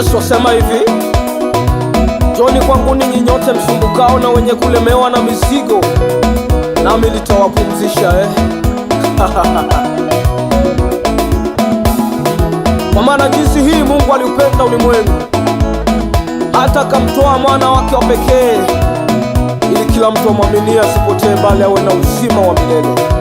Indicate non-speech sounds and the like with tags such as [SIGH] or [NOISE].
Yesu asema hivi, njoni kwangu ninyi nyote msumbukao na wenye kulemewa na mizigo, nami nitawapumzisha eh. [LAUGHS] Kwa maana jinsi hii Mungu aliupenda ulimwengu hata akamtoa mwana wake wa pekee, ili kila mtu amwaminie asipotee, bali awe na uzima wa milele.